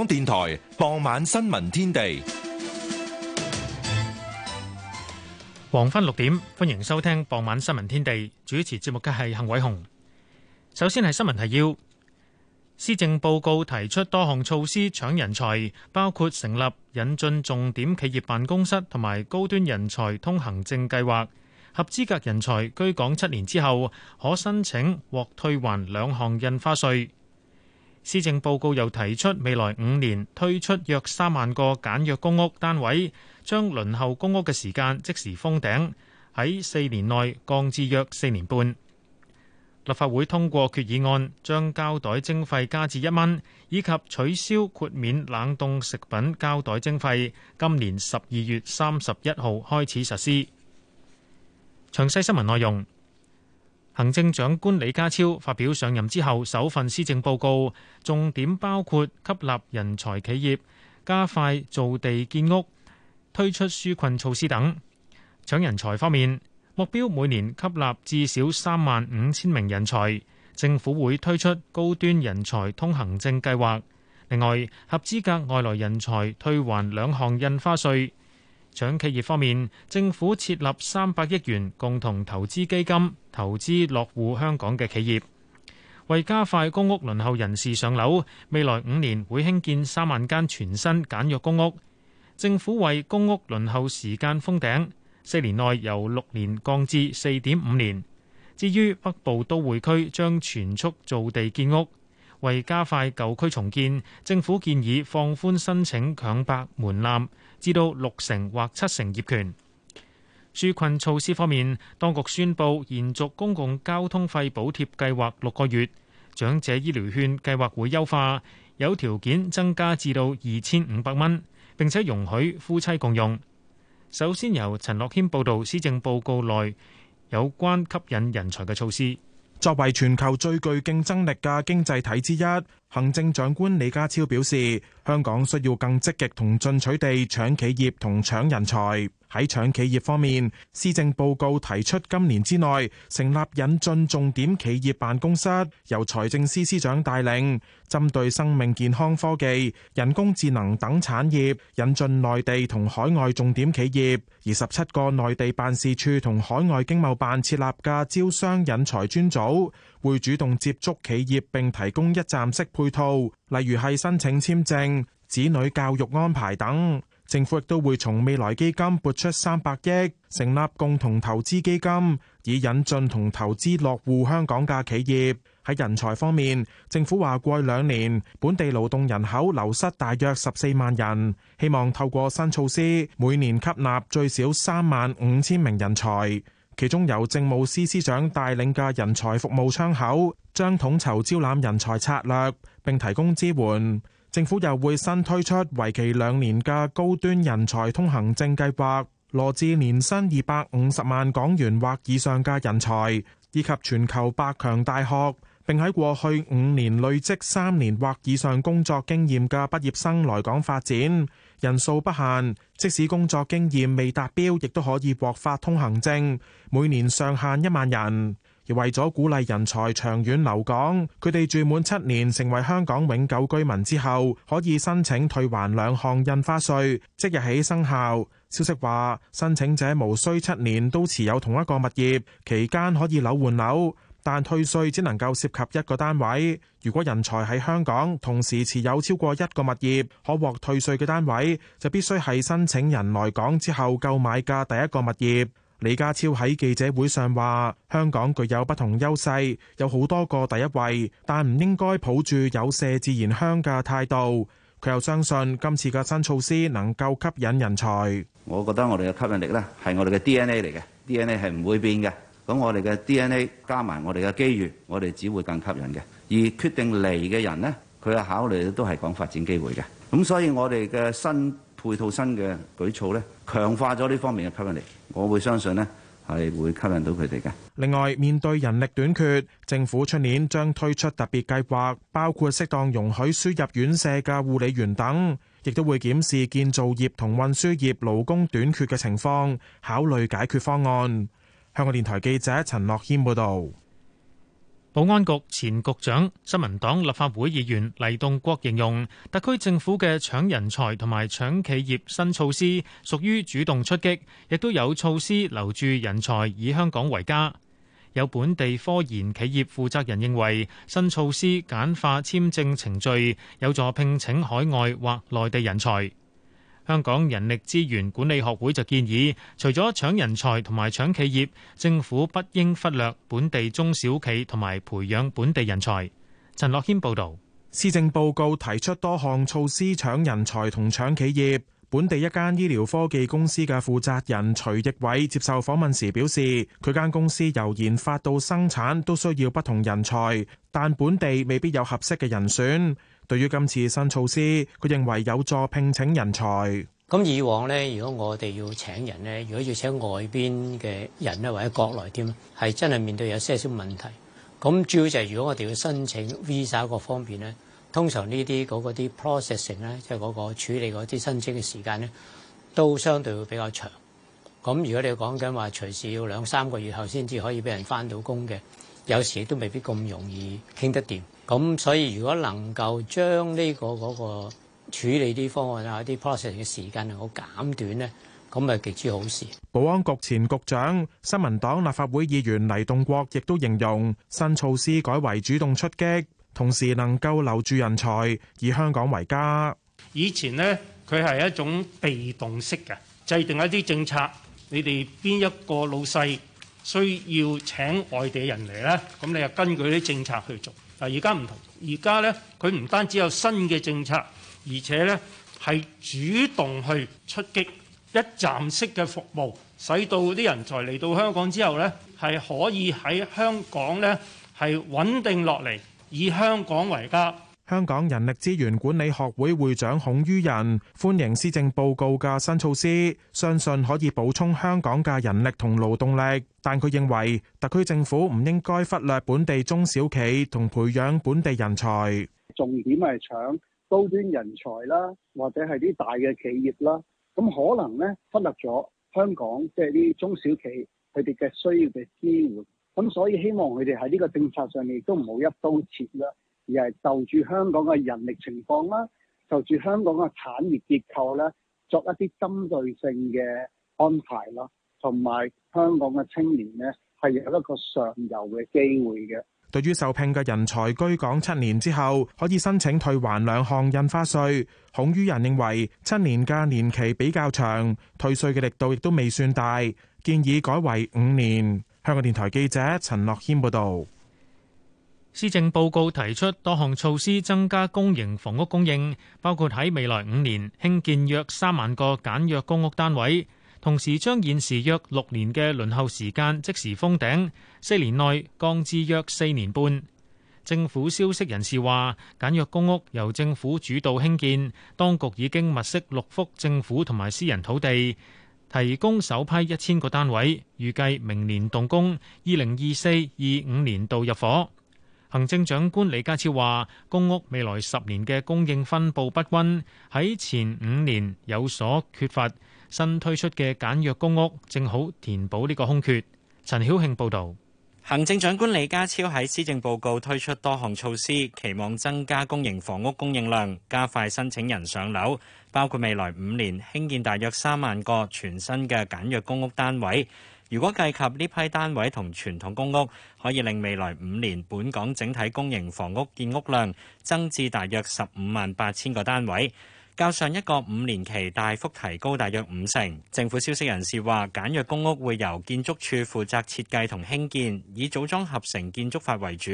香港電台傍晚新聞天地，黃昏六點，歡迎收聽傍晚新聞天地。主持節目嘅係幸偉雄。首先係新聞提要，施政報告提出多項措施搶人才，包括成立引進重點企業辦公室，同埋高端人才通行證計劃。合資格人才居港七年之後，可申請獲退還兩項印花稅。施政報告又提出，未來五年推出約三萬個簡約公屋單位，將輪候公屋嘅時間即時封頂，喺四年內降至約四年半。立法會通過決議案，將膠袋徵費加至一蚊，以及取消豁免冷凍食品膠袋徵費，今年十二月三十一號開始實施。詳細新聞內容。行政長官李家超發表上任之後首份施政報告，重點包括吸納人才企業、加快造地建屋、推出紓困措施等。搶人才方面，目標每年吸納至少三萬五千名人才，政府會推出高端人才通行證計劃。另外，合資格外來人才退還兩項印花稅。搶企業方面，政府設立三百億元共同投資基金，投資落戶香港嘅企業。為加快公屋輪候人士上樓，未來五年會興建三萬間全新簡約公屋。政府為公屋輪候時間封頂，四年內由六年降至四點五年。至於北部都會區，將全速造地建屋。為加快舊區重建，政府建議放寬申請強拍門檻，至到六成或七成業權。紓困措施方面，當局宣布延續公共交通費補貼計劃六個月。長者醫療券計劃會優化，有條件增加至到二千五百蚊，2, 500, 並且容許夫妻共用。首先由陳樂軒報導施政報告內有關吸引人才嘅措施。作為全球最具競爭力嘅經濟體之一，行政長官李家超表示，香港需要更積極同進取地搶企業同搶人才。喺搶企業方面，施政報告提出，今年之內成立引進重點企業辦公室，由財政司司長帶領，針對生命健康科技、人工智能等產業引進內地同海外重點企業。二十七個內地辦事處同海外經貿辦設立嘅招商引才專組，會主動接觸企業，並提供一站式配套，例如係申請簽證、子女教育安排等。政府亦都會從未來基金撥出三百億，成立共同投資基金，以引進同投資落戶香港嘅企業。喺人才方面，政府話過去兩年本地勞動人口流失大約十四萬人，希望透過新措施每年吸納最少三萬五千名人才。其中由政務司司長帶領嘅人才服務窗口，將統籌招攬人才策略並提供支援。政府又會新推出為期兩年嘅高端人才通行證計劃，羅致年薪二百五十萬港元或以上嘅人才，以及全球百強大學並喺過去五年累積三年或以上工作經驗嘅畢業生來港發展，人數不限。即使工作經驗未達標，亦都可以獲發通行證，每年上限一萬人。為咗鼓勵人才長遠留港，佢哋住滿七年成為香港永久居民之後，可以申請退還兩項印花稅，即日起生效。消息話，申請者無需七年都持有同一個物業，期間可以樓換樓，但退稅只能夠涉及一個單位。如果人才喺香港同時持有超過一個物業，可獲退稅嘅單位就必須係申請人來港之後購買嘅第一個物業。李家超喺記者會上話：香港具有不同優勢，有好多個第一位，但唔應該抱住有麝自然香嘅態度。佢又相信今次嘅新措施能夠吸引人才。我覺得我哋嘅吸引力咧係我哋嘅 DNA 嚟嘅，DNA 係唔會變嘅。咁我哋嘅 DNA 加埋我哋嘅機遇，我哋只會更吸引嘅。而決定嚟嘅人呢，佢嘅考慮都係講發展機會嘅。咁所以我哋嘅新配套新嘅舉措呢，強化咗呢方面嘅吸引力，我會相信呢，係會吸引到佢哋嘅。另外，面對人力短缺，政府出年將推出特別計劃，包括適當容許輸入院舍嘅護理員等，亦都會檢視建造業同運輸業勞工短缺嘅情況，考慮解決方案。香港電台記者陳樂謙報道。保安局前局長、新民黨立法會議員黎棟國形容，特區政府嘅搶人才同埋搶企業新措施，屬於主動出擊，亦都有措施留住人才以香港為家。有本地科研企業負責人認為，新措施簡化簽證程序，有助聘請海外或內地人才。香港人力資源管理學會就建議，除咗搶人才同埋搶企業，政府不應忽略本地中小企同埋培養本地人才。陳樂謙報道，施政報告提出多項措施搶人才同搶企業。本地一間醫療科技公司嘅負責人徐奕偉接受訪問時表示，佢間公司由研發到生產都需要不同人才，但本地未必有合適嘅人選。對於今次新措施，佢認為有助聘請人才。咁以往咧，如果我哋要請人咧，如果要請外邊嘅人咧，或者國內添，係真係面對有些少問題。咁主要就係如果我哋要申請 Visa 方面咧，通常呢啲嗰個啲 processing 咧，即係嗰個處理嗰啲申請嘅時間咧，都相對會比較長。咁如果你講緊話隨時要兩三個月後先至可以俾人返到工嘅，有時都未必咁容易傾得掂。咁所以，如果能夠將呢個嗰個處理啲方案啊、啲 process 嘅時間能夠減短咧，咁咪極之好事。保安局前局長、新民黨立法會議員黎棟國亦都形容新措施改為主動出擊，同時能夠留住人才，以香港為家。以前咧，佢係一種被動式嘅制定一啲政策，你哋邊一個老細需要請外地人嚟咧，咁你就根據啲政策去做。而家唔同，而家呢，佢唔單止有新嘅政策，而且呢，係主動去出擊，一站式嘅服務，使到啲人才嚟到香港之後呢，係可以喺香港呢，係穩定落嚟，以香港為家。香港人力資源管理學會會長孔于仁歡迎施政報告嘅新措施，相信可以補充香港嘅人力同勞動力。但佢認為特區政府唔應該忽略本地中小企同培養本地人才。重點係搶高端人才啦，或者係啲大嘅企業啦。咁可能咧忽略咗香港即係啲中小企佢哋嘅需要嘅支援。咁所以希望佢哋喺呢個政策上面亦都唔好一刀切啦。而係就住香港嘅人力情況啦，就住香港嘅產業結構啦，作一啲針對性嘅安排啦，同埋香港嘅青年咧，係有一個上游嘅機會嘅。對於受聘嘅人才居港七年之後，可以申請退還兩項印花稅，孔于仁認為七年嘅年期比較長，退稅嘅力度亦都未算大，建議改為五年。香港電台記者陳樂謙報道。施政報告提出多項措施，增加公營房屋供應，包括喺未來五年興建約三萬個簡約公屋單位，同時將現時約六年嘅輪候時間即時封頂，四年內降至約四年半。政府消息人士話，簡約公屋由政府主導興建，當局已經物色六幅政府同埋私人土地，提供首批一千個單位，預計明年動工，二零二四二五年度入伙。行政長官李家超話：公屋未來十年嘅供應分佈不均，喺前五年有所缺乏，新推出嘅簡約公屋正好填補呢個空缺。陳曉慶報導。行政長官李家超喺施政報告推出多項措施，期望增加公營房屋供應量，加快申請人上樓，包括未來五年興建大約三萬個全新嘅簡約公屋單位。如果計及呢批單位同傳統公屋，可以令未來五年本港整體公營房屋建屋量增至大約十五萬八千個單位，較上一個五年期大幅提高大約五成。政府消息人士話，簡約公屋會由建築署負責設計同興建，以組裝合成建築法為主，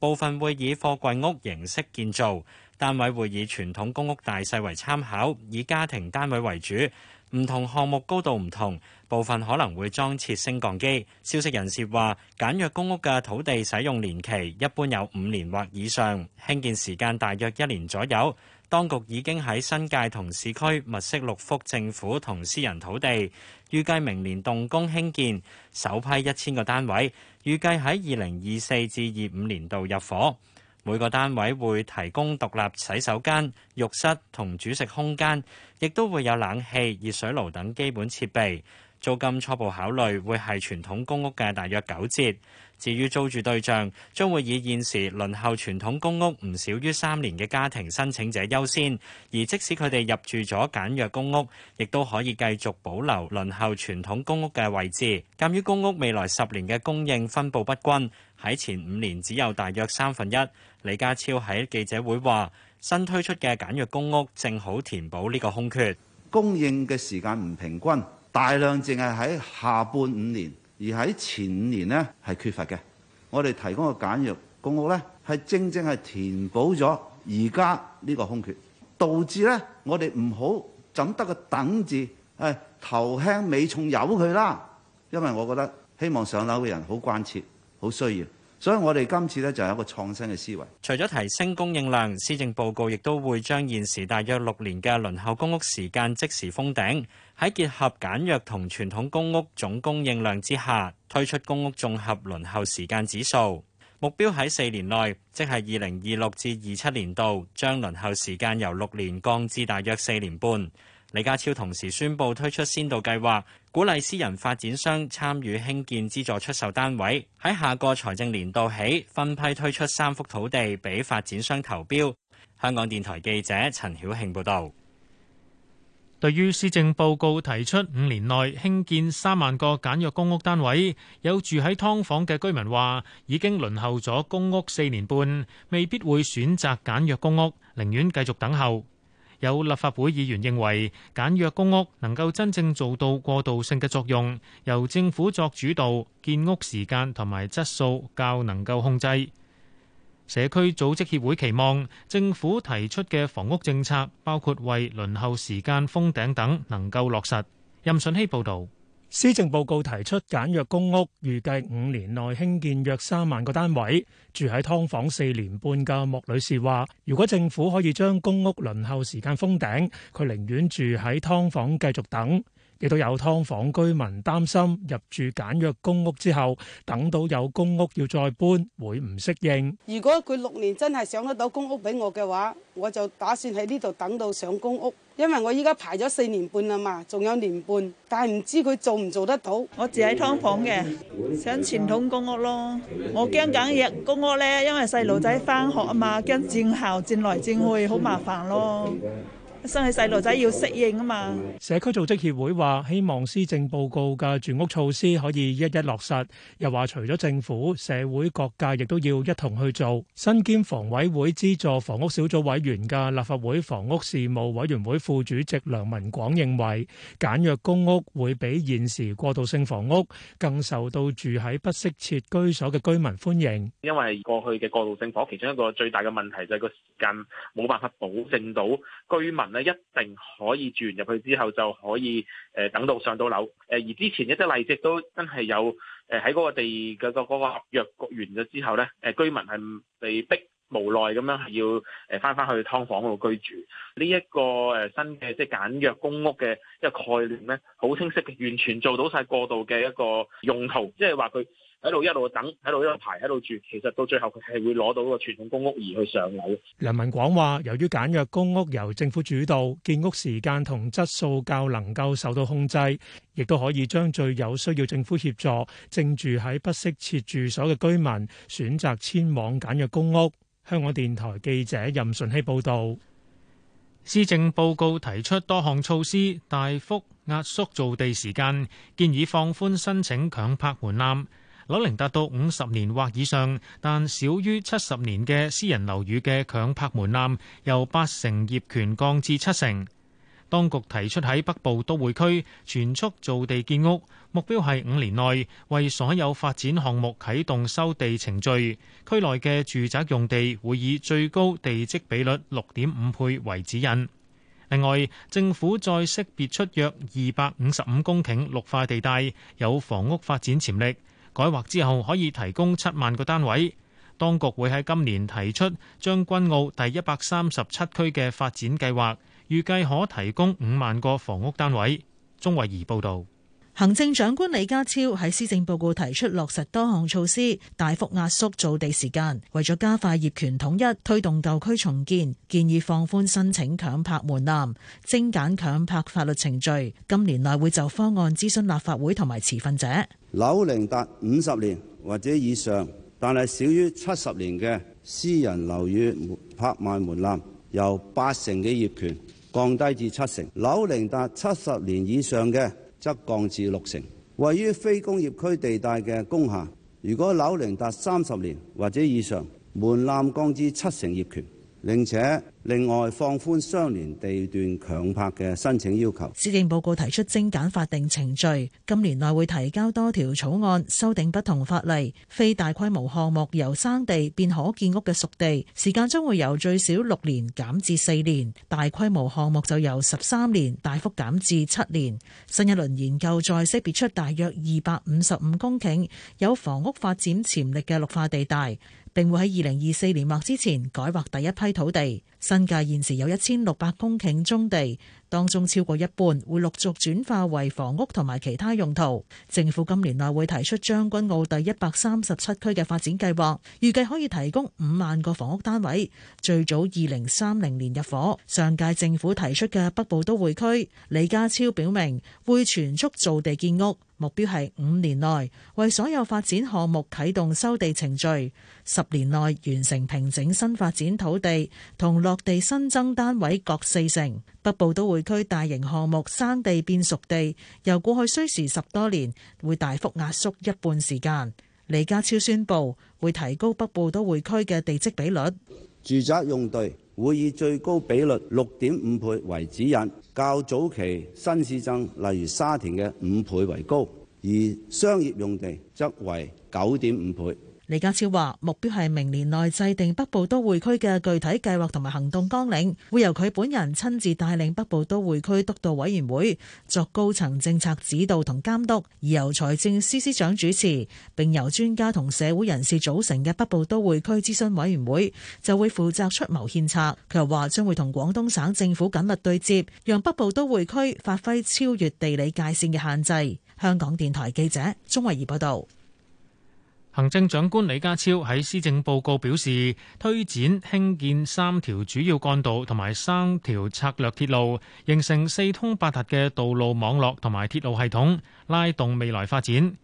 部分會以貨櫃屋形式建造。單位會以傳統公屋大細為參考，以家庭單位為主。唔同項目高度唔同。部分可能會裝設升降機。消息人士話，簡約公屋嘅土地使用年期一般有五年或以上，興建時間大約一年左右。當局已經喺新界同市區物色六幅政府同私人土地，預計明年動工興建首批一千個單位，預計喺二零二四至二五年度入伙。每個單位會提供獨立洗手間、浴室同煮食空間，亦都會有冷氣、熱水爐等基本設備。租金初步考慮會係傳統公屋嘅大約九折。至於租住對象，將會以現時輪候傳統公屋唔少於三年嘅家庭申請者優先。而即使佢哋入住咗簡約公屋，亦都可以繼續保留輪候傳統公屋嘅位置。鑑於公屋未來十年嘅供應分佈不均，喺前五年只有大約三分一。李家超喺記者會話：新推出嘅簡約公屋正好填補呢個空缺。供應嘅時間唔平均。大量淨係喺下半五年，而喺前五年呢係缺乏嘅。我哋提供嘅簡約公屋呢，係正正係填補咗而家呢個空缺，導致呢我哋唔好怎得個等字，誒、哎、頭輕尾重，有佢啦。因為我覺得希望上樓嘅人好關切，好需要。所以我哋今次咧就有一個創新嘅思維。除咗提升供應量，施政報告亦都會將現時大約六年嘅輪候公屋時間即時封頂，喺結合簡約同傳統公屋總供應量之下，推出公屋綜合輪候時間指數。目標喺四年內，即係二零二六至二七年度，將輪候時間由六年降至大約四年半。李家超同時宣布推出先導計劃，鼓勵私人發展商參與興建資助出售單位。喺下個財政年度起，分批推出三幅土地俾發展商投標。香港電台記者陳曉慶報導。對於施政報告提出五年內興建三萬個簡約公屋單位，有住喺劏房嘅居民話：已經輪候咗公屋四年半，未必會選擇簡約公屋，寧願繼續等候。有立法會議員認為簡約公屋能夠真正做到過渡性嘅作用，由政府作主導，建屋時間同埋質素較能夠控制。社區組織協會期望政府提出嘅房屋政策，包括為輪候時間封頂等，能夠落實。任信希報導。施政報告提出簡約公屋，預計五年內興建約三萬個單位。住喺劏房四年半嘅莫女士話，如果政府可以將公屋輪候時間封頂，佢寧願住喺劏房繼續等。亦都有劏房居民擔心入住簡約公屋之後，等到有公屋要再搬，會唔適應。如果佢六年真係上得到公屋俾我嘅話，我就打算喺呢度等到上公屋，因為我依家排咗四年半啦嘛，仲有年半，但係唔知佢做唔做得到。我住喺劏房嘅，想傳統公屋咯。我驚緊簡約公屋呢，因為細路仔返學啊嘛，驚轉校轉來轉去，好麻煩咯。生起細路仔要適應啊嘛！社區組織協會話：希望施政報告嘅住屋措施可以一一落實，又話除咗政府、社會各界，亦都要一同去做。身兼房委會資助房屋小組委員嘅立法會房屋事務委員會副主席梁文廣認為，簡約公屋會比現時過渡性房屋更受到住喺不適切居所嘅居民歡迎，因為過去嘅過渡性房屋其中一個最大嘅問題就係個時間冇辦法保證到居民。一定可以住完入去之後就可以誒等到上到樓誒，而之前一啲例子都真係有誒喺嗰個地嘅個嗰個合約過完咗之後呢，誒居民係被逼無奈咁樣係要誒翻返去劏房嗰度居住。呢一個誒新嘅即係簡約公屋嘅一個概念呢，好清晰，完全做到晒過渡嘅一個用途，即係話佢。喺度一路等，喺度一路排，喺度住。其實到最後佢係會攞到個傳統公屋而去上樓，梁文廣話由於簡約公屋由政府主導，建屋時間同質素較能夠受到控制，亦都可以將最有需要政府協助、正住喺不適切住所嘅居民，選擇遷往簡約公屋。香港電台記者任順希報道。施政報告提出多項措施，大幅壓縮造地時間，建議放寬申請強拍門檻。樓齡達到五十年或以上，但少於七十年嘅私人樓宇嘅強拍門檻由八成業權降至七成。當局提出喺北部都會區全速造地建屋，目標係五年內為所有發展項目啟動收地程序。區內嘅住宅用地會以最高地積比率六點五倍為指引。另外，政府再識別出約二百五十五公頃綠化地帶有房屋發展潛力。改劃之後可以提供七萬個單位，當局會喺今年提出將軍澳第一百三十七區嘅發展計劃，預計可提供五萬個房屋單位。鐘慧儀報導。行政長官李家超喺施政報告提出落實多項措施，大幅壓縮造地時間，為咗加快業權統一，推動舊區重建，建議放寬申請強拍門檻，精簡強拍法律程序。今年內會就方案諮詢立法會同埋持份者。樓齡達五十年或者以上，但係少於七十年嘅私人樓宇拍賣門檻，由八成嘅業權降低至七成。樓齡達七十年以上嘅則降至六成，位於非工業區地帶嘅工廈，如果樓齡達三十年或者以上，門檻降至七成業權。並且另外放寬相連地段強拍嘅申請要求。施政報告提出精簡法定程序，今年內會提交多條草案修訂不同法例。非大規模項目由生地變可建屋嘅熟地，時間將會由最少六年減至四年；大規模項目就由十三年大幅減至七年。新一輪研究再識別出大約二百五十五公頃有房屋發展潛力嘅綠化地帶。並會喺二零二四年或之前改劃第一批土地，新界現時有一千六百公頃棕地，當中超過一半會陸續轉化為房屋同埋其他用途。政府今年內會提出將軍澳第一百三十七區嘅發展計劃，預計可以提供五萬個房屋單位，最早二零三零年入伙。上屆政府提出嘅北部都會區，李家超表明會全速造地建屋。目標係五年內為所有發展項目啟動收地程序，十年內完成平整新發展土地同落地新增單位各四成。北部都會區大型項目生地變熟地，由過去需時十多年，會大幅壓縮一半時間。李家超宣佈會提高北部都會區嘅地積比率，住宅用地。會以最高比率六點五倍為指引，較早期新市鎮，例如沙田嘅五倍為高，而商業用地則為九點五倍。李家超話：目標係明年內制定北部都會區嘅具體計劃同埋行動綱領，會由佢本人親自帶領北部都會區督導委員會作高層政策指導同監督，而由財政司司長主持，並由專家同社會人士組成嘅北部都會區諮詢委員會就會負責出謀獻策。佢又話將會同廣東省政府緊密對接，讓北部都會區發揮超越地理界線嘅限制。香港電台記者鍾慧儀報道。行政長官李家超喺施政報告表示，推展興建三條主要幹道同埋三條策略鐵路，形成四通八達嘅道路網絡同埋鐵路系統，拉動未來發展。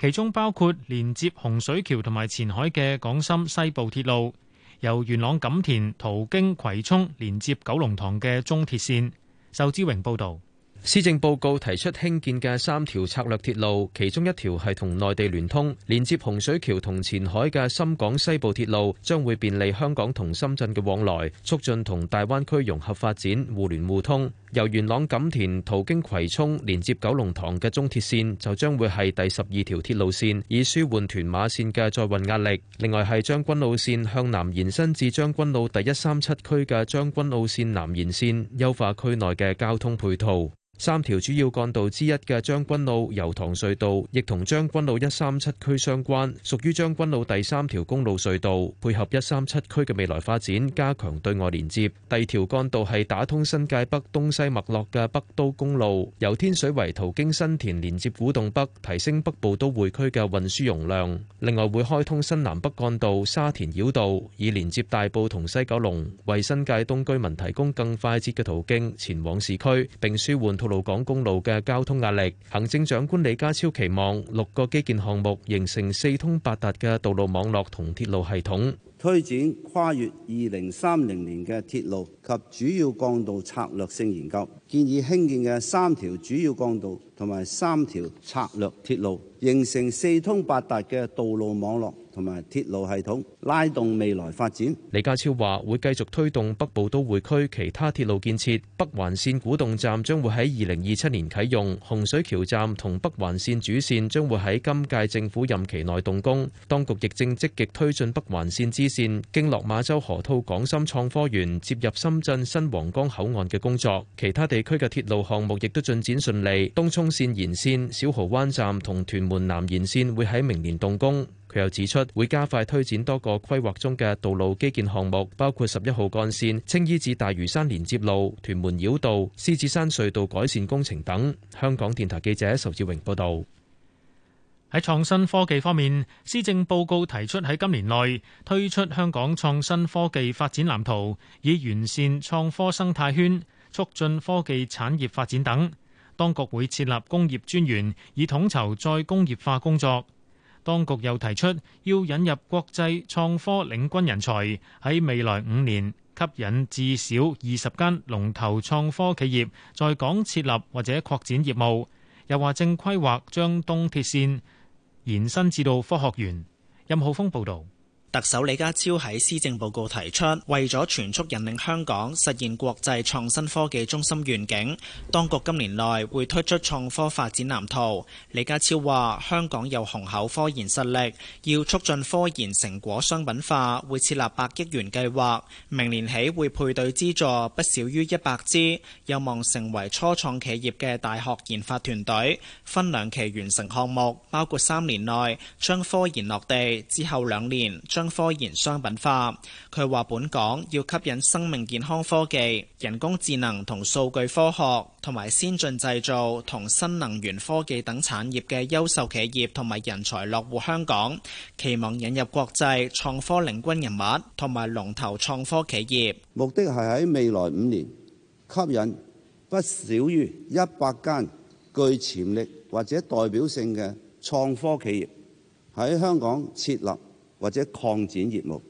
其中包括連接洪水橋同埋前海嘅港深西部鐵路，由元朗錦田途經葵涌連接九龍塘嘅中鐵線。仇之榮報道。施政報告提出興建嘅三條策略鐵路，其中一條係同內地聯通，連接洪水橋同前海嘅深港西部鐵路，將會便利香港同深圳嘅往來，促進同大灣區融合發展、互聯互通。由元朗錦田途經葵涌連接九龍塘嘅中鐵線就將會係第十二條鐵路線，以舒緩屯馬線嘅載運壓力。另外係將軍澳線向南延伸至將軍澳第一三七區嘅將軍澳線南延線，優化區內嘅交通配套。三條主要幹道之一嘅將軍澳油塘隧道，亦同將軍澳一三七區相關，屬於將軍澳第三條公路隧道，配合一三七區嘅未來發展，加強對外連接。第二條幹道係打通新界北東西。西墨落嘅北都公路由天水圍途經新田連接古洞北，提升北部都會區嘅運輸容量。另外會開通新南北幹道沙田繞道，以連接大埔同西九龍，為新界東居民提供更快捷嘅途徑前往市區，並舒緩吐露港公路嘅交通壓力。行政長官李家超期望六個基建項目形成四通八達嘅道路網絡同鐵路系統。推展跨越二零三零年嘅鐵路及主要幹道策略性研究，建議興建嘅三條主要幹道同埋三條策略鐵路，形成四通八達嘅道路網絡。同埋鐵路系統拉動未來發展。李家超話：會繼續推動北部都會區其他鐵路建設。北環線古洞站將會喺二零二七年啟用，洪水橋站同北環線主線將會喺今屆政府任期內動工。當局亦正積極推進北環線支線經落馬洲河套港深創科園接入深圳新皇崗口岸嘅工作。其他地區嘅鐵路項目亦都進展順利。東涌線延線小蠔灣站同屯門南延線會喺明年動工。佢又指出，會加快推展多個規劃中嘅道路基建項目，包括十一號幹線、青衣至大嶼山連接路、屯門繞道、獅子山隧道改善工程等。香港電台記者仇志榮報道。喺創新科技方面，施政報告提出喺今年內推出香港創新科技發展藍圖，以完善創科生態圈，促進科技產業發展等。當局會設立工業專員，以統籌再工業化工作。當局又提出要引入國際創科領軍人才，喺未來五年吸引至少二十間龍頭創科企業在港設立或者擴展業務。又話正規劃將東鐵線延伸至到科學園。任浩峰報導。特首李家超喺施政報告提出，為咗全速引領香港實現國際創新科技中心願景，當局今年內會推出創科發展藍圖。李家超話，香港有雄厚科研實力，要促進科研成果商品化，會設立百億元計劃，明年起會配對資助不少於一百支，有望成為初創企業嘅大學研發團隊，分兩期完成項目，包括三年內將科研落地，之後兩年將。科研商品化，佢話本港要吸引生命健康科技、人工智能同數據科學，同埋先進製造同新能源科技等產業嘅優秀企業同埋人才落戶香港，期望引入國際創科領軍人物同埋龍頭創科企業。目的係喺未來五年，吸引不少於一百間具潛力或者代表性嘅創科企業喺香港設立。或者擴展業務，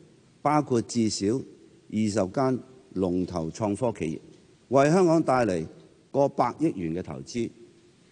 包括至少二十間龍頭創科企業，為香港帶嚟過百億元嘅投資，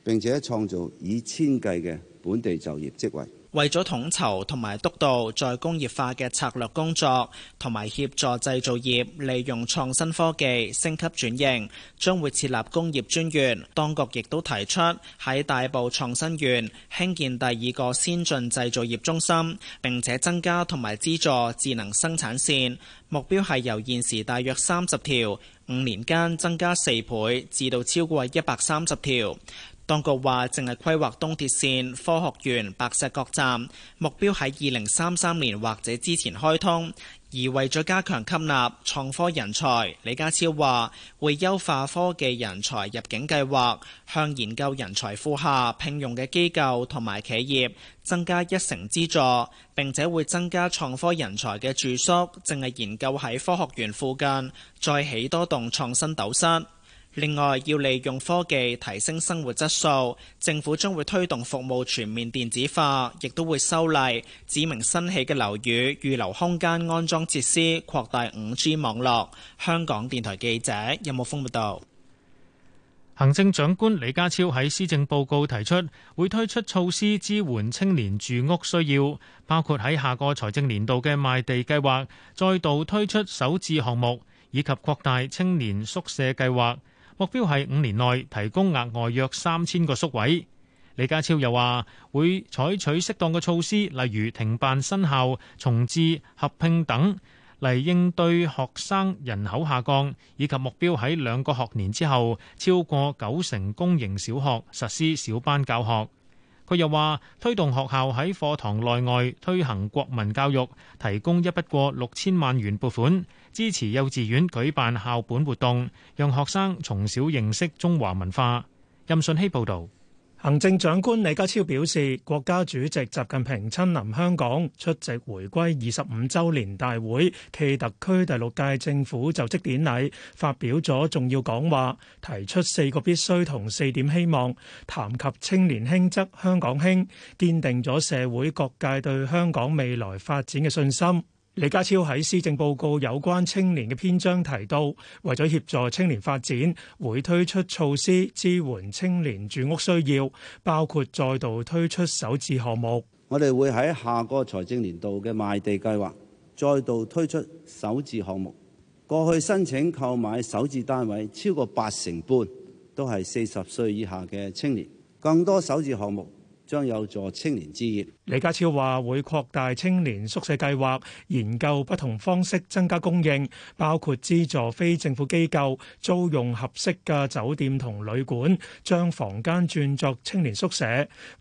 並且創造以千計嘅本地就業職位。為咗統籌同埋督導再工業化嘅策略工作，同埋協助製造業利用創新科技升級轉型，將會設立工業專員。當局亦都提出喺大埔創新園興建第二個先進製造業中心，並且增加同埋資助智能生產線。目標係由現時大約三十條，五年間增加四倍，至到超過一百三十條。當局話規劃，淨係規劃東鐵線科學園白石角站，目標喺二零三三年或者之前開通。而為咗加強吸納創科人才，李家超話會優化科技人才入境計劃，向研究人才庫下聘用嘅機構同埋企業增加一成資助，並且會增加創科人才嘅住宿，淨係研究喺科學園附近再起多棟創新斗室。另外，要利用科技提升生活質素，政府將會推動服務全面電子化，亦都會修例，指明新起嘅樓宇預留空間安裝設施，擴大五 G 網絡。香港電台記者任木峰報道，有有行政長官李家超喺施政報告提出，會推出措施支援青年住屋需要，包括喺下個財政年度嘅賣地計劃再度推出首置項目，以及擴大青年宿舍計劃。目標係五年內提供額外約三千個宿位。李家超又話會採取適當嘅措施，例如停辦新校、重置、合併等，嚟應對學生人口下降，以及目標喺兩個學年之後超過九成公營小學實施小班教學。佢又話推動學校喺課堂內外推行國民教育，提供一筆過六千萬元撥款。支持幼稚園舉辦校本活動，讓學生從小認識中華文化。任信希報導。行政長官李家超表示，國家主席習近平親臨香港出席回歸二十五週年大會暨特區第六屆政府就職典禮，發表咗重要講話，提出四個必須同四點希望，談及青年興則香港興，堅定咗社會各界對香港未來發展嘅信心。李家超喺施政報告有關青年嘅篇章提到，為咗協助青年發展，會推出措施支援青年住屋需要，包括再度推出首置項目。我哋會喺下個財政年度嘅賣地計劃，再度推出首置項目。過去申請購買首置單位超過八成半，都係四十歲以下嘅青年，更多首置項目。將有助青年之業。李家超話會擴大青年宿舍計劃，研究不同方式增加供應，包括資助非政府機構租用合適嘅酒店同旅館，將房間轉作青年宿舍。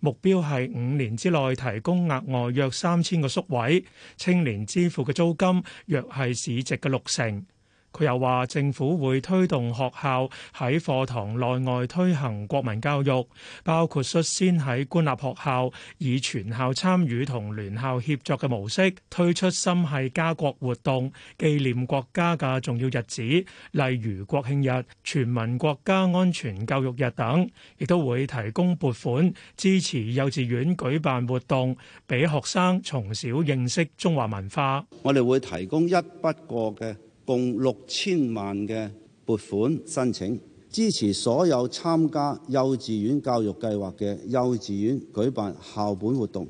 目標係五年之內提供額外約三千個宿位，青年支付嘅租金約係市值嘅六成。佢又話，政府會推動學校喺課堂內外推行國民教育，包括率先喺官立學校以全校參與同聯校協作嘅模式推出心係家國活動，紀念國家嘅重要日子，例如國慶日、全民國家安全教育日等。亦都會提供撥款支持幼稚園舉辦活動，俾學生從小認識中華文化。我哋會提供一筆過嘅共六千萬嘅撥款申請，支持所有參加幼稚園教育計劃嘅幼稚園舉辦校本活動，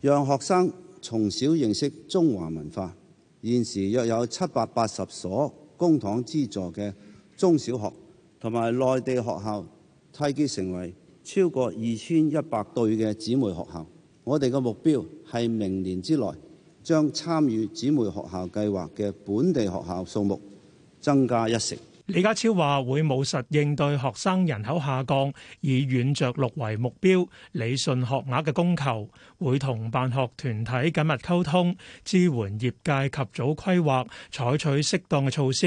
讓學生從小認識中華文化。現時約有七百八十所公帑資助嘅中小學，同埋內地學校，締結成為超過二千一百對嘅姊妹學校。我哋嘅目標係明年之內。將參與姊妹學校計劃嘅本地學校數目增加一成。李家超話會務實應對學生人口下降，以軟着陸為目標，理順學額嘅供求，會同辦學團體緊密溝通，支援業界及早規劃，採取適當嘅措施，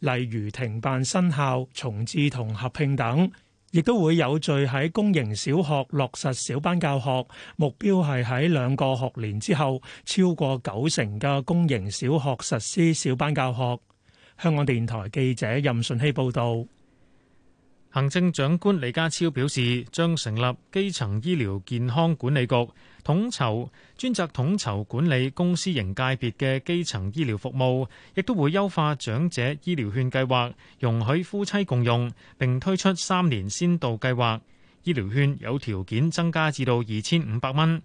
例如停辦新校、重置同合併等。亦都會有序喺公營小學落實小班教學，目標係喺兩個學年之後，超過九成嘅公營小學實施小班教學。香港電台記者任順希報導。行政長官李家超表示，將成立基層醫療健康管理局，統籌專責統籌管理公私營界別嘅基層醫療服務，亦都會優化長者醫療券計劃，容許夫妻共用，並推出三年先導計劃，醫療券有條件增加至到二千五百蚊。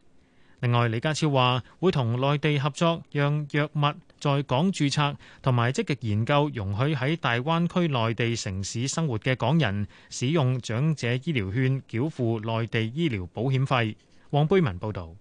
另外，李家超話會同內地合作，讓藥物在港註冊，同埋積極研究容許喺大灣區內地城市生活嘅港人使用長者醫療券繳付內地醫療保險費。黃貝文報導。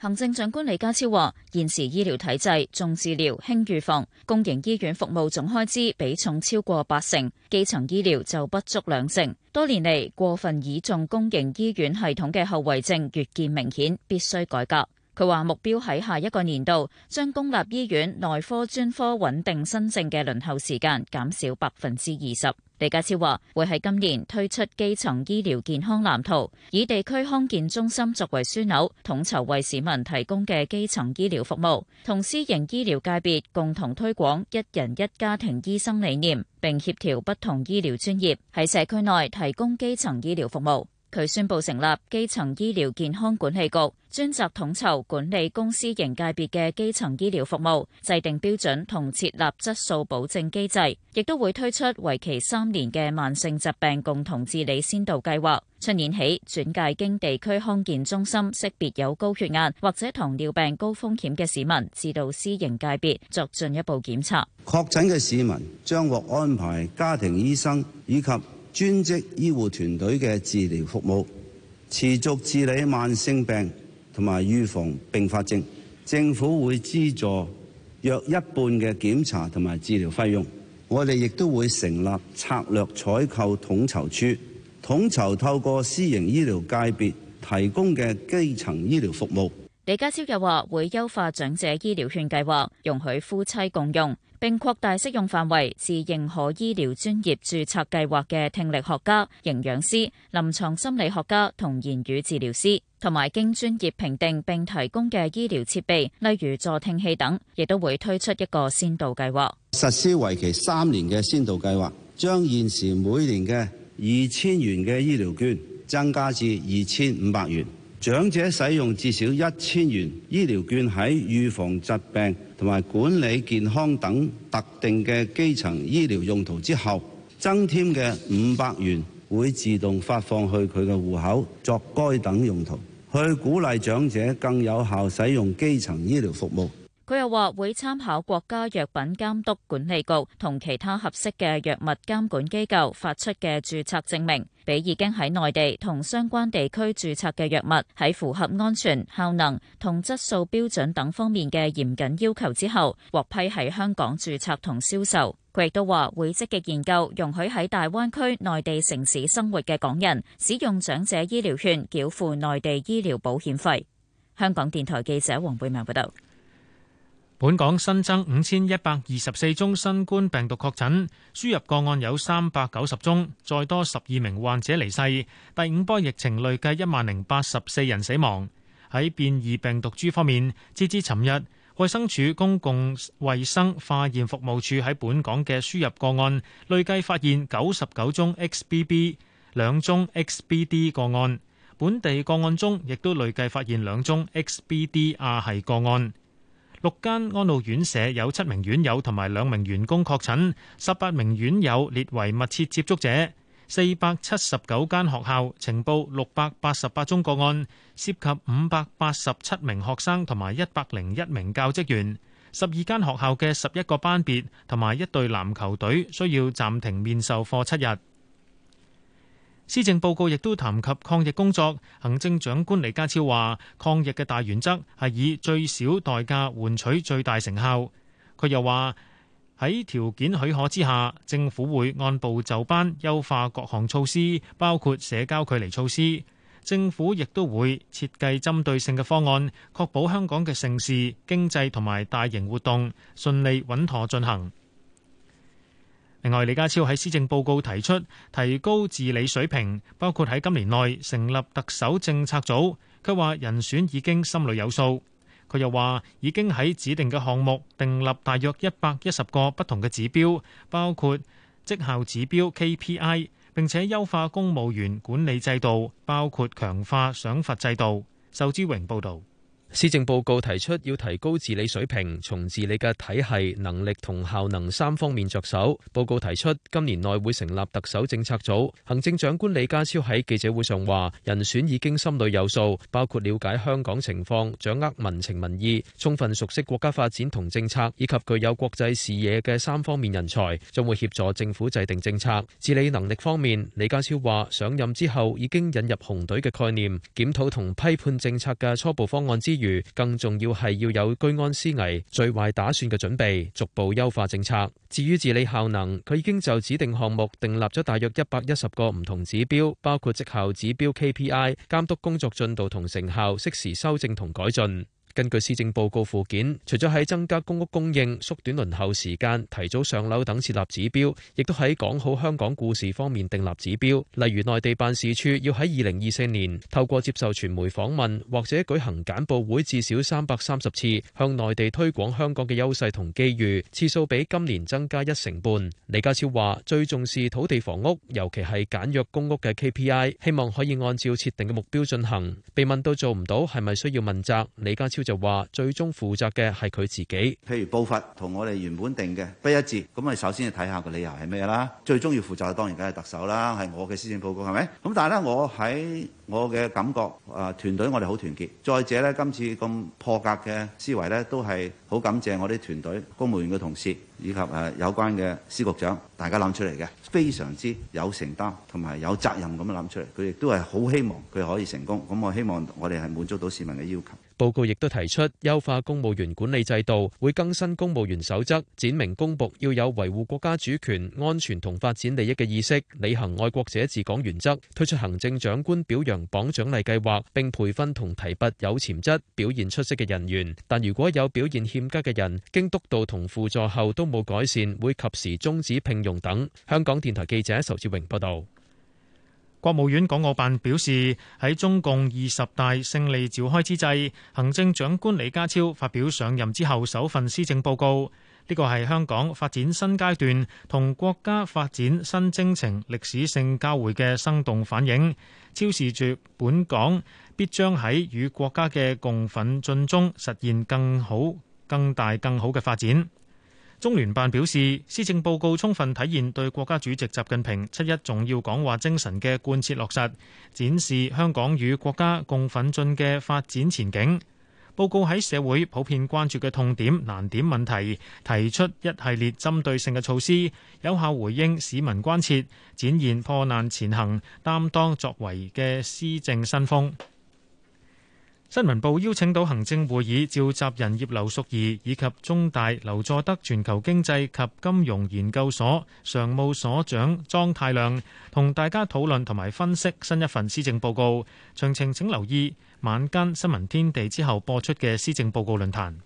行政長官李家超話：現時醫療體制重治療輕預防，公營醫院服務總開支比重超過八成，基層醫療就不足兩成。多年嚟過分倚重公營醫院系統嘅後遺症越見明顯，必須改革。佢話目標喺下一個年度將公立醫院內科專科穩定新症嘅輪候時間減少百分之二十。李家超話：會喺今年推出基層醫療健康藍圖，以地區康健中心作為樞紐，統籌為市民提供嘅基層醫療服務，同私營醫療界別共同推廣一人一家庭醫生理念，並協調不同醫療專業喺社區內提供基層醫療服務。佢宣布成立基層醫療健康管理局，專責統籌管理公司型界別嘅基層醫療服務，制定標準同設立質素保證機制，亦都會推出為期三年嘅慢性疾病共同治理先導計劃。出年起，轉介經地區康健中心識別有高血壓或者糖尿病高風險嘅市民，至到私營界別作進一步檢查。確診嘅市民將獲安排家庭醫生以及專職醫護團隊嘅治療服務，持續治理慢性病同埋預防併發症。政府會資助約一半嘅檢查同埋治療費用。我哋亦都會成立策略採購統籌處，統籌透過私營醫療界別提供嘅基層醫療服務。李家超又話，會優化長者醫療券計劃，容許夫妻共用。並擴大適用範圍，至認可醫療專業注冊計劃嘅聽力學家、營養師、臨床心理學家同言語治療師，同埋經專業評定並提供嘅醫療設備，例如助聽器等，亦都會推出一個先導計劃，實施為期三年嘅先導計劃，將現時每年嘅二千元嘅醫療券增加至二千五百元。長者使用至少一千元醫療券，喺預防疾病同埋管理健康等特定嘅基層醫療用途之後，增添嘅五百元會自動發放去佢嘅戶口，作該等用途，去鼓勵長者更有效使用基層醫療服務。佢又話會參考國家藥品監督管理局同其他合適嘅藥物監管機構發出嘅註冊證明，畀已經喺內地同相關地區註冊嘅藥物喺符合安全、效能同質素標準等方面嘅嚴謹要求之後獲批喺香港註冊同銷售。佢亦都話會積極研究容許喺大灣區內地城市生活嘅港人使用長者醫療券繳付內地醫療保險費。香港電台記者黃貝曼報道。本港新增五千一百二十四宗新冠病毒確診，輸入個案有三百九十宗，再多十二名患者離世。第五波疫情累計一萬零八十四人死亡。喺變異病毒株方面，截至尋日，衛生署公共衛生化驗服務處喺本港嘅輸入個案累計發現九十九宗 XBB 兩宗 XBD 個案，本地個案中亦都累計發現兩宗 XBD 亞系個案。六間安老院舍有七名院友同埋兩名員工確診，十八名院友列為密切接觸者。四百七十九間學校呈報六百八十八宗個案，涉及五百八十七名學生同埋一百零一名教職員。十二間學校嘅十一個班別同埋一隊籃球隊需要暫停面授課七日。施政報告亦都談及抗疫工作，行政長官李家超話：抗疫嘅大原則係以最少代價換取最大成效。佢又話喺條件許可之下，政府會按部就班優化各項措施，包括社交距離措施。政府亦都會設計針對性嘅方案，確保香港嘅盛事經濟同埋大型活動順利穩妥進行。另外，李家超喺施政報告提出提高治理水平，包括喺今年內成立特首政策組。佢話人選已經心裏有數。佢又話已經喺指定嘅項目訂立大約一百一十個不同嘅指標，包括績效指標 KPI，並且優化公務員管理制度，包括強化賞罰制度。仇志榮報導。施政報告提出要提高治理水平，從治理嘅體系、能力同效能三方面着手。報告提出，今年內會成立特首政策組。行政長官李家超喺記者會上話：人選已經心裏有數，包括了解香港情況、掌握民情民意、充分熟悉國家發展同政策以及具有國際視野嘅三方面人才，將會協助政府制定政策。治理能力方面，李家超話上任之後已經引入紅隊嘅概念，檢討同批判政策嘅初步方案之。如更重要係要有居安思危、最壞打算嘅準備，逐步優化政策。至於治理效能，佢已經就指定項目訂立咗大約一百一十個唔同指標，包括績效指標 KPI，監督工作進度同成效，適時修正同改進。根據施政報告附件，除咗喺增加公屋供應、縮短輪候時間、提早上樓等設立指標，亦都喺講好香港故事方面訂立指標，例如內地辦事處要喺二零二四年透過接受傳媒訪問或者舉行簡報會至少三百三十次，向內地推廣香港嘅優勢同機遇，次數比今年增加一成半。李家超話最重視土地房屋，尤其係簡約公屋嘅 KPI，希望可以按照設定嘅目標進行。被問到做唔到係咪需要問責，李家超就話最終負責嘅係佢自己，譬如步伐同我哋原本定嘅不一致，咁我哋首先要睇下個理由係咩啦。最終要負責當然梗係特首啦，係我嘅施政報告係咪？咁但係咧，我喺我嘅感覺啊，團隊我哋好團結。再者咧，今次咁破格嘅思維咧，都係好感謝我哋團隊公務員嘅同事以及誒有關嘅司局長，大家諗出嚟嘅非常之有承擔同埋有，有責任咁樣諗出嚟。佢亦都係好希望佢可以成功。咁我希望我哋係滿足到市民嘅要求。報告亦都提出優化公務員管理制度，會更新公務員守則，展明公僕要有維護國家主權、安全同發展利益嘅意識，履行愛國者治港原則。推出行政長官表揚榜獎勵計劃，並培訓同提拔有潛質、表現出色嘅人員。但如果有表現欠佳嘅人，經督導同輔助後都冇改善，會及時終止聘用等。香港電台記者仇志榮報道。國務院港澳辦表示，喺中共二十大勝利召開之際，行政長官李家超發表上任之後首份施政報告，呢個係香港發展新階段同國家發展新征程歷史性交匯嘅生動反映，昭示住本港必將喺與國家嘅共奮進中實現更好、更大、更好嘅發展。中聯辦表示，施政報告充分體現對國家主席習近平七一重要講話精神嘅貫徹落實，展示香港與國家共奮進嘅發展前景。報告喺社會普遍關注嘅痛點、難點問題，提出一系列針對性嘅措施，有效回應市民關切，展現破難前行、擔當作為嘅施政新風。新聞部邀請到行政會議召集人葉劉淑儀，以及中大劉佐德全球經濟及金融研究所常務所長莊太亮，同大家討論同埋分析新一份施政報告。詳情請留意晚間新聞天地之後播出嘅施政報告論壇。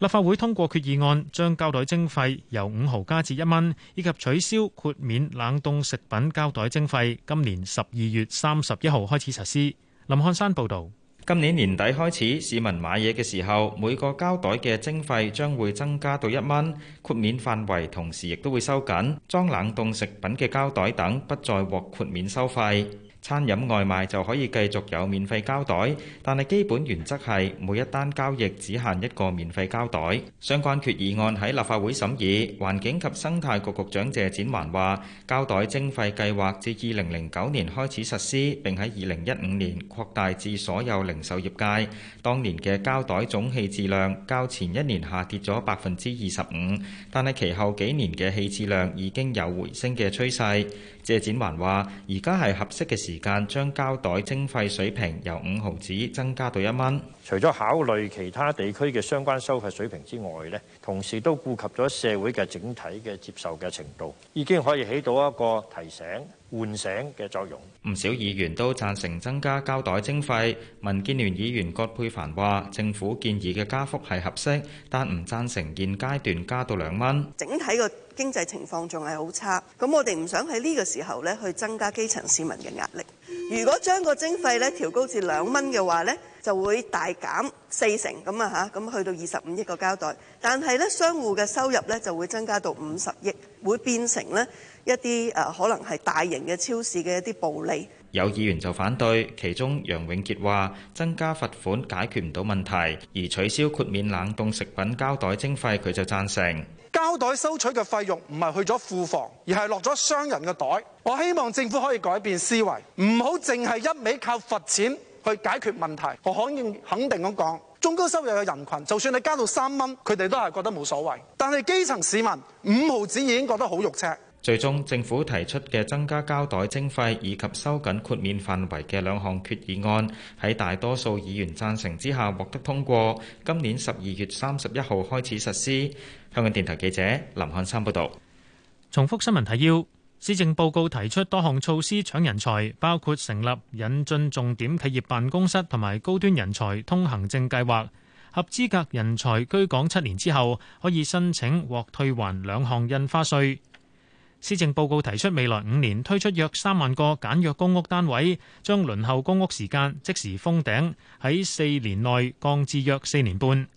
立法會通過決議案，將膠袋徵費由五毫加至一蚊，以及取消豁免冷凍食品膠袋徵費，今年十二月三十一號開始實施。林漢山報道：今年年底開始，市民買嘢嘅時候，每個膠袋嘅徵費將會增加到一蚊，豁免範圍同時亦都會收緊，裝冷凍食品嘅膠袋等不再獲豁免收費。餐飲外賣就可以繼續有免費膠袋，但係基本原則係每一單交易只限一個免費膠袋。相關決議案喺立法會審議。環境及生態局局長謝展寰話：膠袋徵費計劃自二零零九年開始實施，並喺二零一五年擴大至所有零售業界。當年嘅膠袋總棄置量較前一年下跌咗百分之二十五，但係其後幾年嘅棄置量已經有回升嘅趨勢。謝展環話：而家係合適嘅時間，將膠袋徵費水平由五毫紙增加到一蚊。除咗考慮其他地區嘅相關收費水平之外，咧同時都顧及咗社會嘅整體嘅接受嘅程度，已經可以起到一個提醒、喚醒嘅作用。唔少議員都贊成增加膠袋徵費。民建聯議員葛珮帆話：政府建議嘅加幅係合適，但唔贊成現階段加到兩蚊。整體個經濟情況仲係好差，咁我哋唔想喺呢個時候咧去增加基層市民嘅壓力。如果將個徵費咧調高至兩蚊嘅話咧，就會大減四成咁啊嚇，咁去到二十五億個膠袋，但係咧商戶嘅收入咧就會增加到五十億，會變成咧一啲誒可能係大型嘅超市嘅一啲暴利。有議員就反對，其中楊永傑話增加罰款解決唔到問題，而取消豁免冷凍食品膠袋徵費，佢就贊成。膠袋收取嘅費用唔係去咗庫房，而係落咗商人嘅袋。我希望政府可以改變思維，唔好淨係一味靠罰錢去解決問題。我可以肯定肯定咁講，中高收入嘅人群，就算你加到三蚊，佢哋都係覺得冇所謂。但係基層市民五毫子已經覺得好肉赤。最終，政府提出嘅增加膠袋徵費以及收緊豁免範圍嘅兩項決議案，喺大多數議員贊成之下獲得通過。今年十二月三十一號開始實施。香港電台記者林漢山報道。重複新聞提要：施政報告提出多項措施搶人才，包括成立引進重點企業辦公室，同埋高端人才通行證計劃。合資格人才居港七年之後，可以申請獲退還兩項印花稅。施政報告提出未來五年推出約三萬個簡約公屋單位，將輪候公屋時間即時封頂，喺四年內降至約四年半。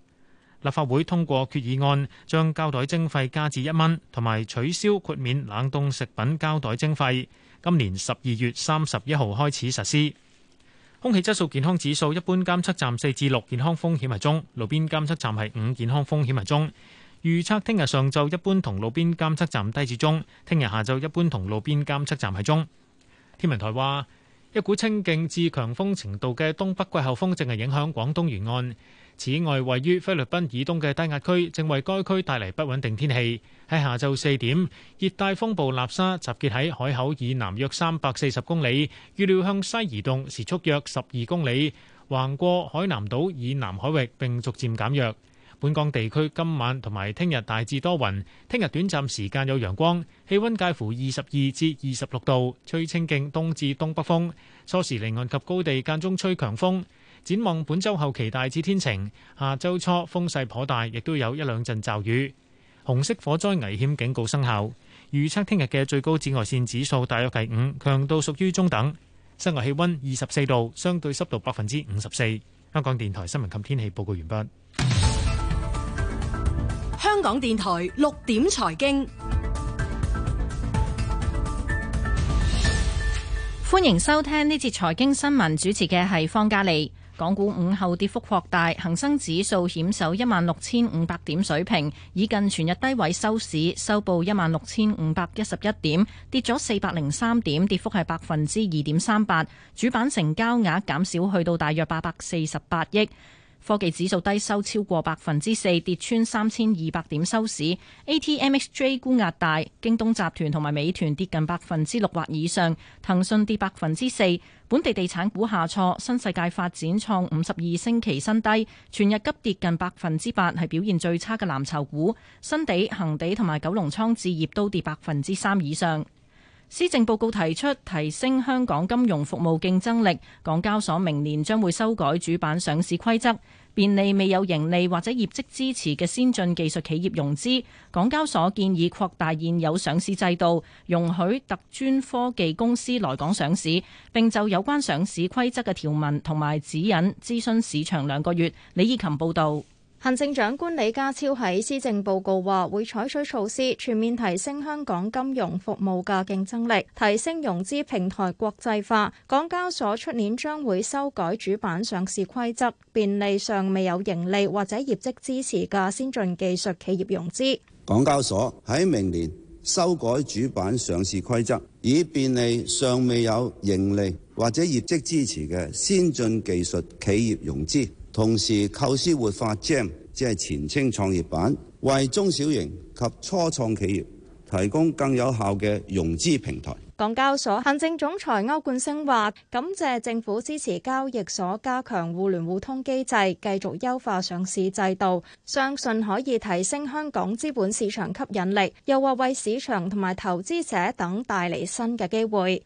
立法會通過決議案，將膠袋徵費加至一蚊，同埋取消豁免冷凍食品膠袋徵費，今年十二月三十一號開始實施。空氣質素健康指數一般監測站四至六，健康風險係中；路邊監測站係五，健康風險係中。預測聽日上晝一般同路邊監測站低至中，聽日下晝一般同路邊監測站係中。天文台話，一股清勁至強風程度嘅東北季候風正係影響廣東沿岸。此外，位於菲律賓以東嘅低壓區正為該區帶嚟不穩定天氣。喺下晝四點，熱帶風暴納沙集結喺海口以南約三百四十公里，預料向西移動，時速約十二公里，橫過海南島以南海域並逐漸減弱。本港地區今晚同埋聽日大致多雲，聽日短暫時間有陽光，氣温介乎二十二至二十六度，吹清勁東至東北風。初時離岸及高地間中吹強風。展望本週後期大致天晴，下週初風勢頗大，亦都有一兩陣驟雨。紅色火災危險警告生效。預測聽日嘅最高紫外線指數大約係五，強度屬於中等。室外氣温二十四度，相對濕度百分之五十四。香港電台新聞及天氣報告完畢。香港電台六點財經，歡迎收聽呢節財經新聞，主持嘅係方嘉利。港股午後跌幅擴大，恒生指數險守一萬六千五百點水平，以近全日低位收市，收報一萬六千五百一十一點，跌咗四百零三點，跌幅係百分之二點三八，主板成交額減少去到大約八百四十八億。科技指數低收超過百分之四，跌穿三千二百點收市。A T M X J 沽壓大，京東集團同埋美團跌近百分之六或以上，騰訊跌百分之四。本地地產股下挫，新世界發展創五十二星期新低，全日急跌近百分之八，係表現最差嘅藍籌股。新地、恒地同埋九龍倉置業都跌百分之三以上。施政報告提出，提升香港金融服務競爭力，港交所明年將會修改主板上市規則，便利未有盈利或者業績支持嘅先進技術企業融資。港交所建議擴大現有上市制度，容許特專科技公司來港上市，並就有關上市規則嘅條文同埋指引諮詢市場兩個月。李以琴報導。行政長官李家超喺施政報告話，會採取措施全面提升香港金融服務嘅競爭力，提升融資平台國際化。港交所出年將會修改主板上市規則，便利尚未有盈利或者業績支持嘅先進技術企業融資。港交所喺明年修改主板上市規則，以便利尚未有盈利或者業績支持嘅先進技術企業融資。同時，構思活化 GEM，即係前稱創業板，為中小型及初創企業提供更有效嘅融資平台。港交所行政總裁歐冠升話：感謝政府支持交易所加強互聯互通機制，繼續優化上市制度，相信可以提升香港資本市場吸引力，又話為市場同埋投資者等帶嚟新嘅機會。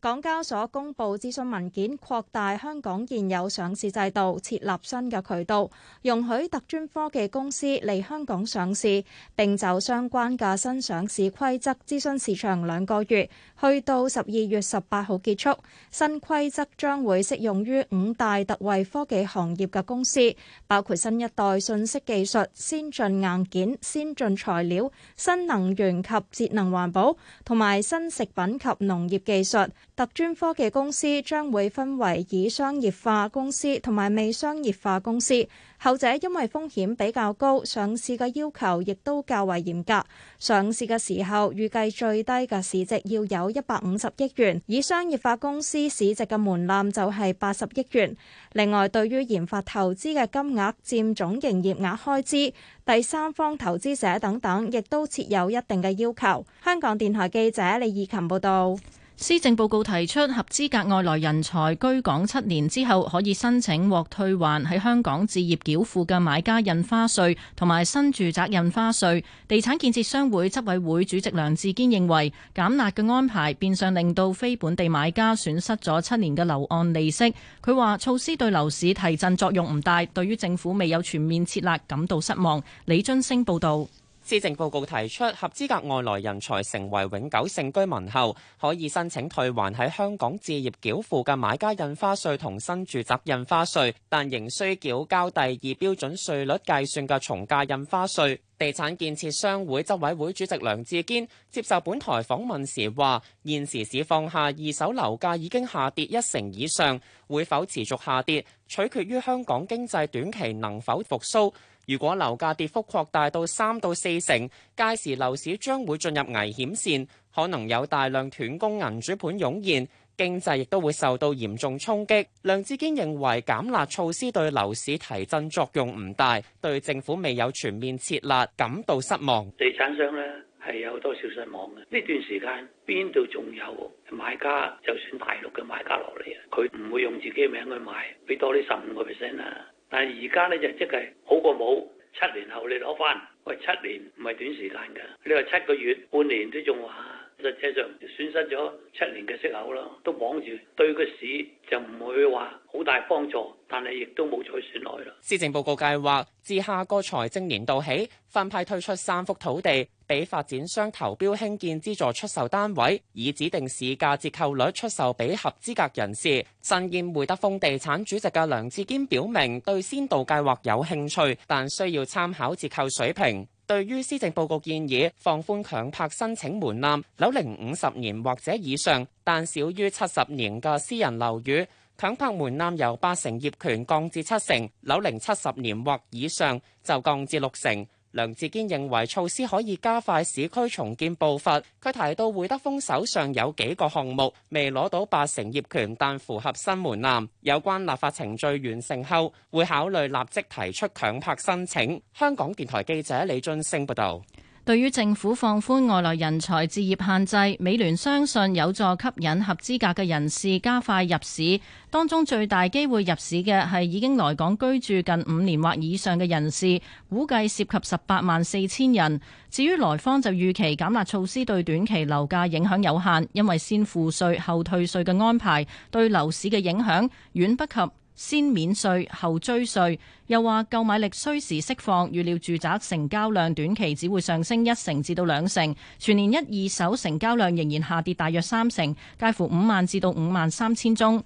港交所公布。部諮詢文件擴大香港現有上市制度，設立新嘅渠道，容許特專科技公司嚟香港上市。並就相關嘅新上市規則諮詢市場兩個月，去到十二月十八號結束。新規則將會適用於五大特專科技行業嘅公司，包括新一代信息技術、先進硬件、先進材料、新能源及節能環保，同埋新食品及農業技術。特專科技公公司將會分為已商業化公司同埋未商業化公司，後者因為風險比較高，上市嘅要求亦都較為嚴格。上市嘅時候，預計最低嘅市值要有一百五十億元，已商業化公司市值嘅門檻就係八十億元。另外，對於研發投資嘅金額占總營業額開支、第三方投資者等等，亦都設有一定嘅要求。香港電台記者李以琴報道。施政報告提出，合資格外來人才居港七年之後，可以申請獲退還喺香港置業繳付嘅買家印花稅同埋新住宅印花稅。地產建設商會執委會主席梁志堅認為，減納嘅安排變相令到非本地買家損失咗七年嘅樓按利息。佢話措施對樓市提振作用唔大，對於政府未有全面設立感到失望。李津升報導。施政報告提出，合資格外來人才成為永久性居民後，可以申請退還喺香港置業繳付嘅買家印花稅同新住宅印花稅，但仍需繳交第二標準稅率計算嘅從價印花稅。地產建設商會執委會主席梁志堅接受本台訪問時話：現時市況下，二手樓價已經下跌一成以上，會否持續下跌，取決於香港經濟短期能否復甦。如果樓價跌幅擴大到三到四成，屆時樓市將會進入危險線，可能有大量斷供銀主盤湧現，經濟亦都會受到嚴重衝擊。梁志堅認為減辣措施對樓市提振作用唔大，對政府未有全面撤辣感到失望。地產商呢係有多少失望嘅，呢段時間，邊度仲有買家？就算大陸嘅買家落嚟啊，佢唔會用自己嘅名去買，俾多啲十五個 percent 啊。但而家咧就即係好過冇，七年後你攞翻。喂，七年唔係短時間噶，你話七個月、半年都仲話。實際上損失咗七年嘅息口啦，都綁住對個市就唔會話好大幫助，但係亦都冇再損害啦。施政報告計劃自下個財政年度起，分派推出三幅土地，俾發展商投標興建，資助出售單位，以指定市價折扣率出售俾合資格人士。振業會德豐地產主席嘅梁志堅表明對先導計劃有興趣，但需要參考折扣水平。對於施政報告建議放寬強拍申請門檻，樓齡五十年或者以上，但少於七十年嘅私人樓宇，強拍門檻由八成業權降至七成，樓齡七十年或以上就降至六成。梁志堅認為措施可以加快市區重建步伐。佢提到會德豐手上有幾個項目未攞到八成業權，但符合新門檻。有關立法程序完成後，會考慮立即提出強拍申請。香港電台記者李進升報導。對於政府放寬外來人才置業限制，美聯相信有助吸引合資格嘅人士加快入市。當中最大機會入市嘅係已經來港居住近五年或以上嘅人士，估計涉及十八萬四千人。至於萊坊就預期減壓措施對短期樓價影響有限，因為先付稅後退稅嘅安排對樓市嘅影響遠不及。先免稅後追稅，又話購買力需時釋放，預料住宅成交量短期只會上升一成至到兩成。全年一二手成交量仍然下跌大約三成，介乎五萬至到五萬三千宗。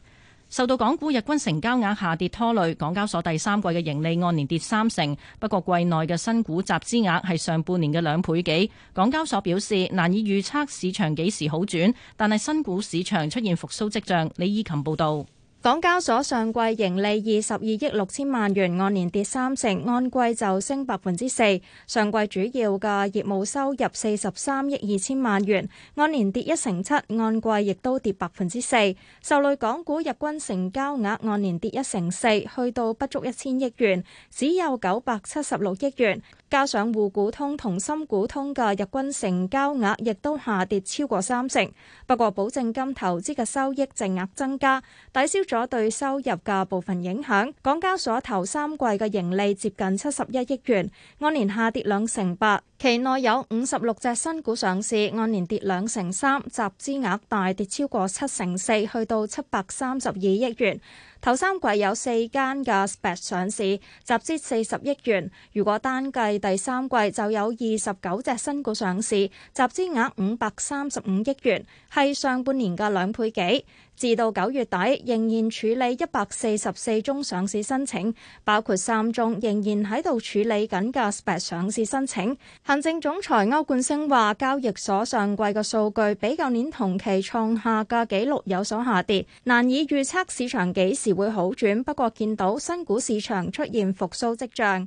受到港股日均成交額下跌拖累，港交所第三季嘅盈利按年跌三成。不過，季內嘅新股集資額係上半年嘅兩倍幾。港交所表示難以預測市場幾時好轉，但係新股市場出現復甦跡象。李依琴報導。港交所上季盈利二十二億六千萬元，按年跌三成，按季就升百分之四。上季主要嘅業務收入四十三億二千萬元，按年跌一成七，按季亦都跌百分之四。受累港股日均成交額按年跌一成四，去到不足一千億元，只有九百七十六億元。加上滬股通同深股通嘅日均成交額亦都下跌超過三成，不過保證金投資嘅收益淨額增加，抵消咗對收入嘅部分影響。港交所頭三季嘅盈利接近七十一億元，按年下跌兩成八。期內有五十六隻新股上市，按年跌兩成三，集資額大跌超過七成四，去到七百三十二億元。頭三季有四間嘅 SPAC 上市，集資四十億元。如果單計第三季就有二十九隻新股上市，集資額五百三十五億元，係上半年嘅兩倍幾。至到九月底，仍然處理一百四十四宗上市申請，包括三宗仍然喺度處理緊嘅 SPAC 上市申請。行政總裁歐冠星話：交易所上季嘅數據比舊年同期創下嘅紀錄有所下跌，難以預測市場幾時會好轉。不過見到新股市場出現復甦跡象。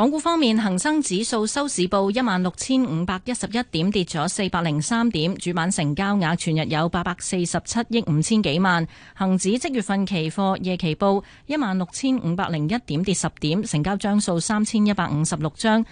港股方面，恒生指數收市報一萬六千五百一十一點，跌咗四百零三點。主板成交額全日有八百四十七億五千幾萬。恒指即月份期貨夜期報一萬六千五百零一點，跌十點，成交張數三千一百五十六張。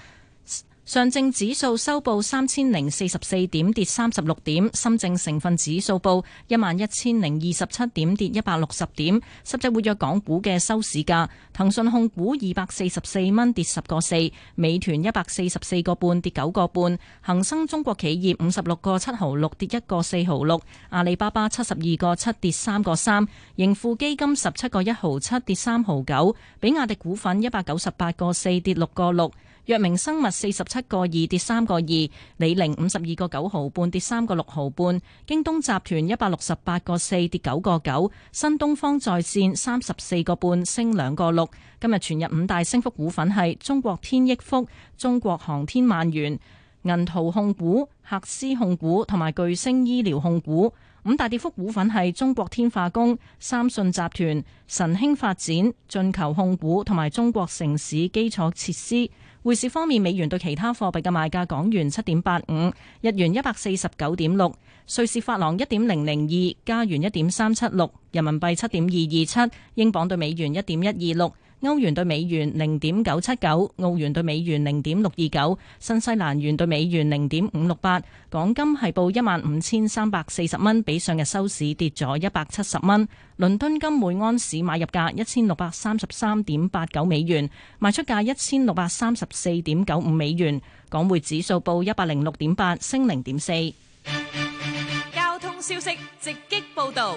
上證指數收報三千零四十四點，跌三十六點；深證成分指數報一萬一千零二十七點，跌一百六十點。十隻活躍港股嘅收市價：騰訊控股二百四十四蚊，跌十個四；美團一百四十四個半，跌九個半；恒生中國企業五十六個七毫六，跌一個四毫六；阿里巴巴七十二個七，跌三個三；盈富基金十七個一毫七，跌三毫九；比亞迪股份一百九十八個四，跌六個六。藥明生物四十七個二，跌三個二，李寧五十二個九毫半，跌三個六毫半，京東集團一百六十八個四，跌九個九，新東方在線三十四個半，升兩個六。今日全日五大升幅股份係中國天益福、中國航天萬元、銀圖控股、克斯控股同埋巨星醫療控股。咁大跌幅股份係中國天化工、三信集團、神興發展、進球控股同埋中國城市基礎設施。匯市方面，美元對其他貨幣嘅賣價：港元七點八五，日元一百四十九點六，瑞士法郎一點零零二，加元一點三七六，人民幣七點二二七，英鎊對美元一點一二六。歐元對美元零點九七九，澳元對美元零點六二九，新西蘭元對美元零點五六八。港金係報一萬五千三百四十蚊，比上日收市跌咗一百七十蚊。倫敦金每安士買入價一千六百三十三點八九美元，賣出價一千六百三十四點九五美元。港匯指數報一百零六點八，升零點四。交通消息，直擊報道。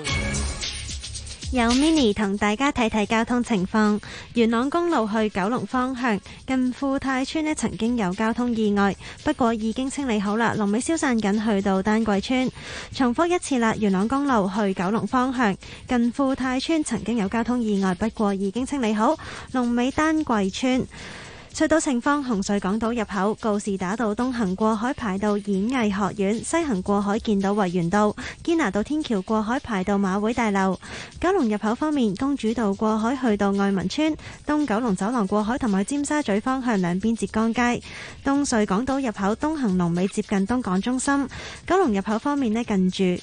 有 mini 同大家睇睇交通情況，元朗公路去九龍方向近富泰村呢，曾經有交通意外，不過已經清理好啦，龍尾消散緊去到丹桂村。重複一次啦，元朗公路去九龍方向近富泰村曾經有交通意外，不過已經清理好，龍尾丹桂村。隧道情況，紅隧港島入口告士打道東行過海排到演藝學院，西行過海見到維園道堅拿道天橋過海排到馬會大樓。九龍入口方面，公主道過海去到愛民村，東九龍走廊過海同埋尖沙咀方向兩邊浙江街。東隧港島入口東行龍尾接近東港中心。九龍入口方面咧，近住。